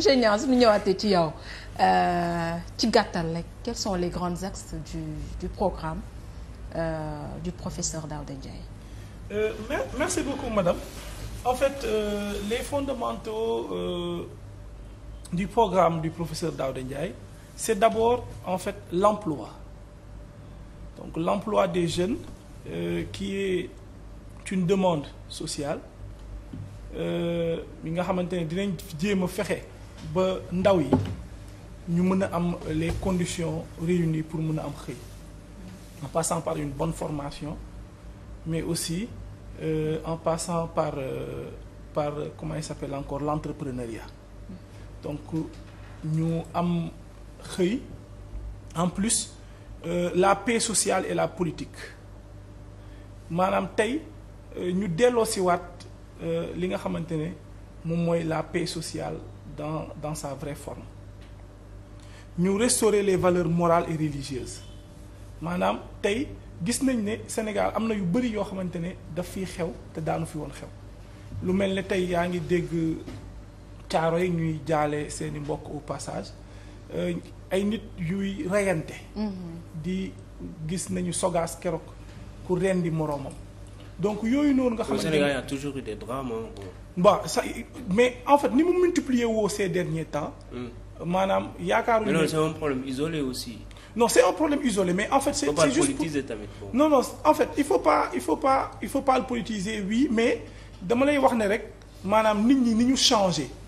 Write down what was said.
monsieur Niang ñëwaatee ci yow euh, ci gàttal rek quels sont les grands axes du du programme euh, du professeur Daouda Ndiaye. Euh, merci beaucoup madame en fait euh, les fondamentaux euh, du programme du professeur Daouda Ndiaye c'est d'abord en fait l'emploi donc l'emploi des jeunes euh, qui est une demande sociale mi nga xamante ne dinañ jéem a fexe. ba ndaw yi ñu mën a am les conditions réunies pour mun a am xëy en passant par une bonne formation mais aussi euh, en passant par euh, par comment il s'appelle encore l'entrepreneuriat donc ñu am xëy en plus euh, la paix sociale et la politique maanaam tey euh, ñu delloo siwaat euh, li nga xamante ne moom mooy la paix sociale dans dans sa vraie forme ñu restaurer les valeurs morales et religieuses maanaam tey gis nañ ne Sénégal am na yu bëri yoo xamante ne daf fiy xew te daanu fi woon xew lu mel ni tey yaa ngi dégg caaro yi ñuy jaale seeni mbokk au passage euh, ay nit yuy reyante mm-hmm. di gis nañu sogaas keroog ku rendi moroomam donc yooyu noonu nga. xamante ne Sénégal toujours eu des drames bon ça mais en fait ni mu multiplier wo ces derniers temps. Hmm. maanaam yaakaaruñu. mais non c'est un problème isolé aussi. non c'est un problème isolé mais en fait. c'est c'est juste politiser tamit non non en fait il faut pas il faut pas il faut pas le politiser oui mais dama lay wax ne rek maanaam nit ñi ni ñu changé.